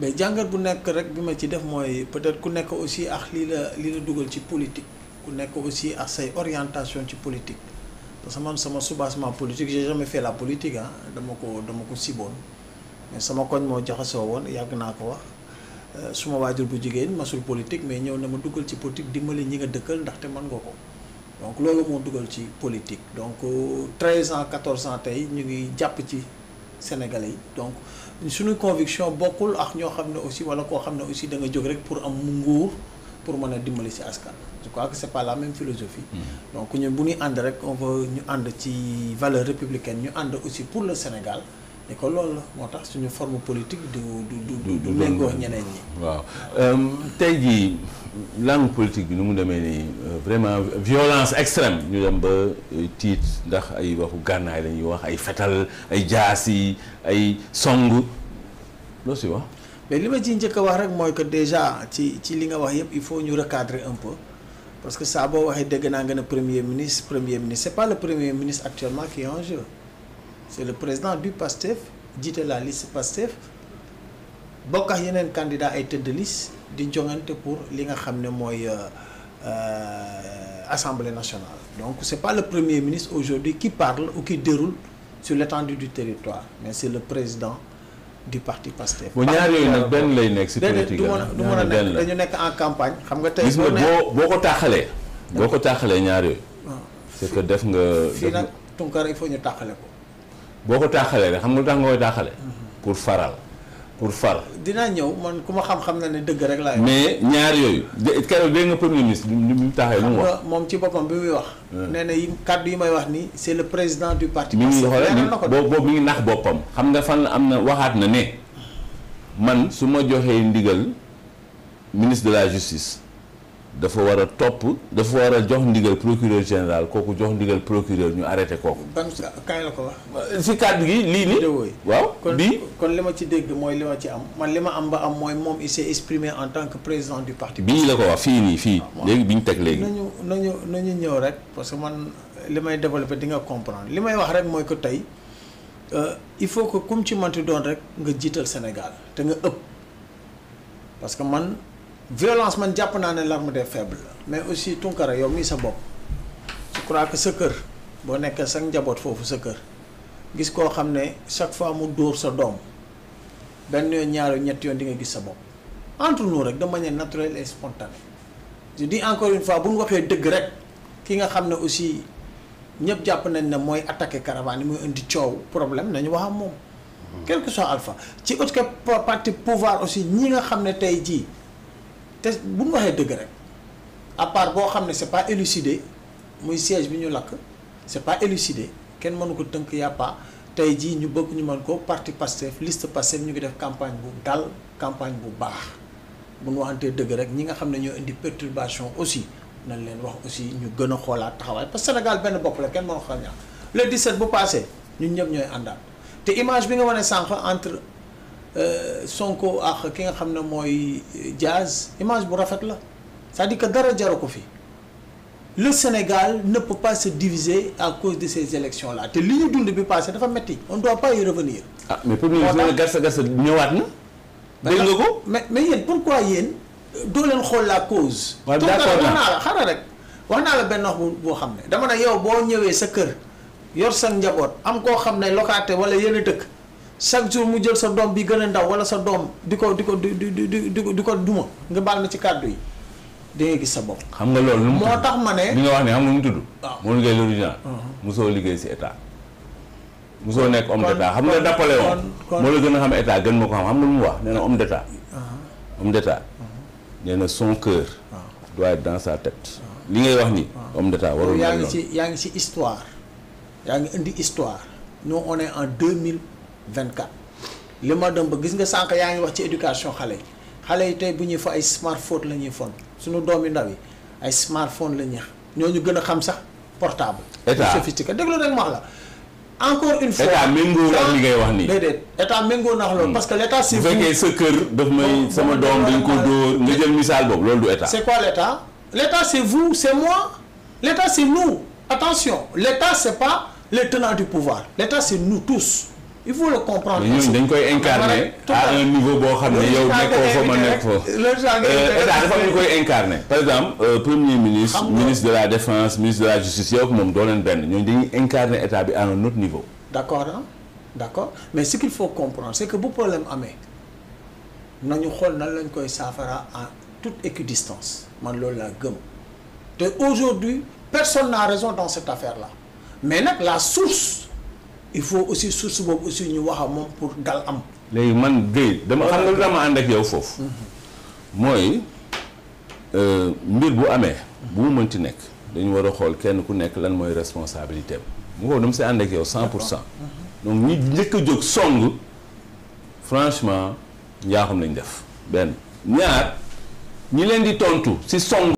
mais jàngat bu nekk rek bi ma ci def mooy peut-être ku nekk aussi ak lii la lii la dugal ci politique ku nekk aussi ak say orientation ci politique parce que man sama soubassement politique j'ai jamais la politique ah dama ko dama ko siboon mais sama koñ moo jaxasoo woon yàgg naa ko wax euh, suma waajur bu jigéen masul politique mais ñëw na ma dugal ci politique dimbali ñi nga dëkkal ndaxte man nga ko donc loolu moo dugal ci politique donc 13 euh, ans 14 ans tey ñu ngi jàpp ci sénégalais donc suñu conviction bokul ak ñoo xamné aussi wala ko xamné aussi pour am pour démolir askan je crois que c'est pas la même philosophie mm. donc nous on veut républicaine aussi pour le Sénégal et que forme politique de du du méngoo ñeneen ñi. waaw euh, langue politique bi nu mu demee euh, vraiment violence extrême ñu dem ba euh, tiit ndax ay waxu gànnaay la wax ay fatal ay jasi ay songu lo ci wax. mais li ma ci njëkk wax rek moy que déjà ci li nga wax yépp il faut ñu recadrer un peu parce que ça bo waxee dégg na nga premier ministre premier ministre c'est pas le premier ministre actuellement qui est en jeu c'est le président du PASTEF jiite la liste PASTEF bokk ak candidats candidat ay tête de liste di pour li nga xam ne mooy euh, euh, assemblée nationale. donc c'est pas le premier ministre aujourd'hui qui parle ou qui déroule sur l'étendue du territoire mais c'est le président du parti PASTEF. bu ñaar yooyu nag benn lay nekk si politique hein. dañu en campagne. xam nga tey boo boo boo ko taaxalee. boo ko ñaar yooyu. Ah. c'est que def nga. fii ton Tunkara il faut ñu boo ko taaxalee rek xam nga lu tax nga koy taaxalee. Mm-hmm. pour faral pour far. dinaa ñëw man ku ma xam-xam na ne dëgg rek laay. mais ñaar yooyu. keroog dégg nga premier ministre bi mu taxee lu mu wax. moom ci boppam bi muy wax. nee na kàddu yi may wax nii c'est le président du parti. mi ngi xool boobu mi ngi nax boppam. xam nga fan la am na waxaat na ne man su ma joxee ndigal ministre de la justice. dafa war a topp dafa war a jox ndigal procureur général kooku jox ndigal procureur ñu arrêté kooku. ban kañ la ko wax. si kàddu gi lii nii. waaw bii kon li ma ci dégg mooy li ma ci am man li ma am ba am mooy moom il s'est exprimé en tant que président du parti. bii la ko wax fii nii fii ah, léegi bi ñu teg léegi. nañu nañu nañu ñëw rek parce que man li may développé di nga comprendre li may wax rek mooy que tey euh, il faut que comme ci manti doon rek nga jiital Sénégal te nga ëpp que man. violence man japp na ne l'arme des faibles mais aussi tunkara yow mi sa bop je crois que sa keur bo nek sa njabot fofu sa gis ko xamne chaque fois mu door sa dom ben yon ñaaru ñett yon di nga gis sa bop entre nous rek de manière naturelle et spontanée je dis encore une fois bu ñu waxé deug rek ki nga xamne aussi ñep japp nañ ne moy attaquer caravane moy indi ciow problème nañu wax mom mhm. quel que soit alpha ci autre que parti pouvoir aussi ñi nga xamne tay ji Té buñ waxé deug rek à part bo xamné c'est pas élucidé muy siège bi ñu lakk c'est pas élucidé ken mënu ko tënk y a pas tey ñu bëgg ñu mën ko parti Pastef liste Pastef ñu ngi def campagne bu dal campagne bu baax bu ñu waxantee dëgg rek ñi nga xamné ñoo indi perturbation aussi nañ leen wax aussi ñu gëna a xoolaat parce que Sénégal benn bopp la ken mo ko ñaan le 17 bu passé ñun ñëp ñoy andal té image bi nga wone sank entre. Euh, Sonko ak ki nga xam ne mooy euh, Diaz image bu rafet la cest à que dara jaru ko fi le Sénégal ne peut pas diviser à cause de ces élections là te li ñu dund bi passé dafa metti on ne doit pas y revenir. ah mais pour garsa garsa ñëwaat na. dégg nga ko mais mais yéen pourquoi yéen euh, doo leen xool la cause. waaw d'accord wax naa la xaaral rek wax naa la benn wax boo xam ne dama ne yow boo ñëwee sa kër yor sa njaboot am koo xam ne locataire wala yenn dëkk. chaque jour mu jël sa doom bi gën a ndaw wala sa doom di ko di ko di di ko duma nga baal ma ci kàddu yi da gis sa bopp. xam nga loolu lu mu moo tax ma ne. li nga wax ne xam nga mu tudd. waaw moo liggéey l'original. Uh-huh. mosoo liggéey si état. mosoo nekk homme d'état xam nga Napoléon moo la gën a xam état gën ma ko xam xam nga mu wax nee na de d'état. Uh-huh. homme uh-huh. na son cœur. doit être dans sa tête. li ngay wax ni homme d'état warul yaa ngi ci yaa ngi si histoire yaa ngi indi histoire nous on est en 2000. 24 Le ma dem ba gis nga sànq yaa ngi wax ci éducation xale yi xale yi tey bu ñuy fa ay smartphone la ñuy fon suñu doomi ndaw yi ay smartphone la ñuy ñooñu gën a xam sax portable. état sophistiqué déglu rek ma wax encore une fois état méngoo ak li ngay wax nii. déedéet état méngoo na loolu. Hmm. parce que l'État, c'est c' vous bu fekkee sa kër daf may sama doom dañ ko dóor nga jël misaal boobu loolu du état. c' quoi l'État L'État, c'est vous c'est moi L'État, c'est nous attention l'État, état c' pas les tenants du pouvoir L'État, c'est nous tous il faut le comprendre. nous dañ koy incarner à un niveau qui est euh, par exemple euh, premier ministre. ministre de la défense ministre de la justice nous sommes incarnés incarner à un autre niveau. d'accord hein? d'accord mais ce qu'il faut comprendre c'est que le problème nous nañu nous à toute équidistance aujourd'hui personne n'a raison dans cette affaire là mais la source il faut aussi source boobu aussi ñu pour dal am. lay man dama xam nga dama and ak yow moy mhm. euh mbir bu amé bu mënti nek dañu wara xol kenn ku lan responsabilité dama ci ak 100 mhm. donc ñi a song franchement ñaxam lañ def ben ñaar ñi song.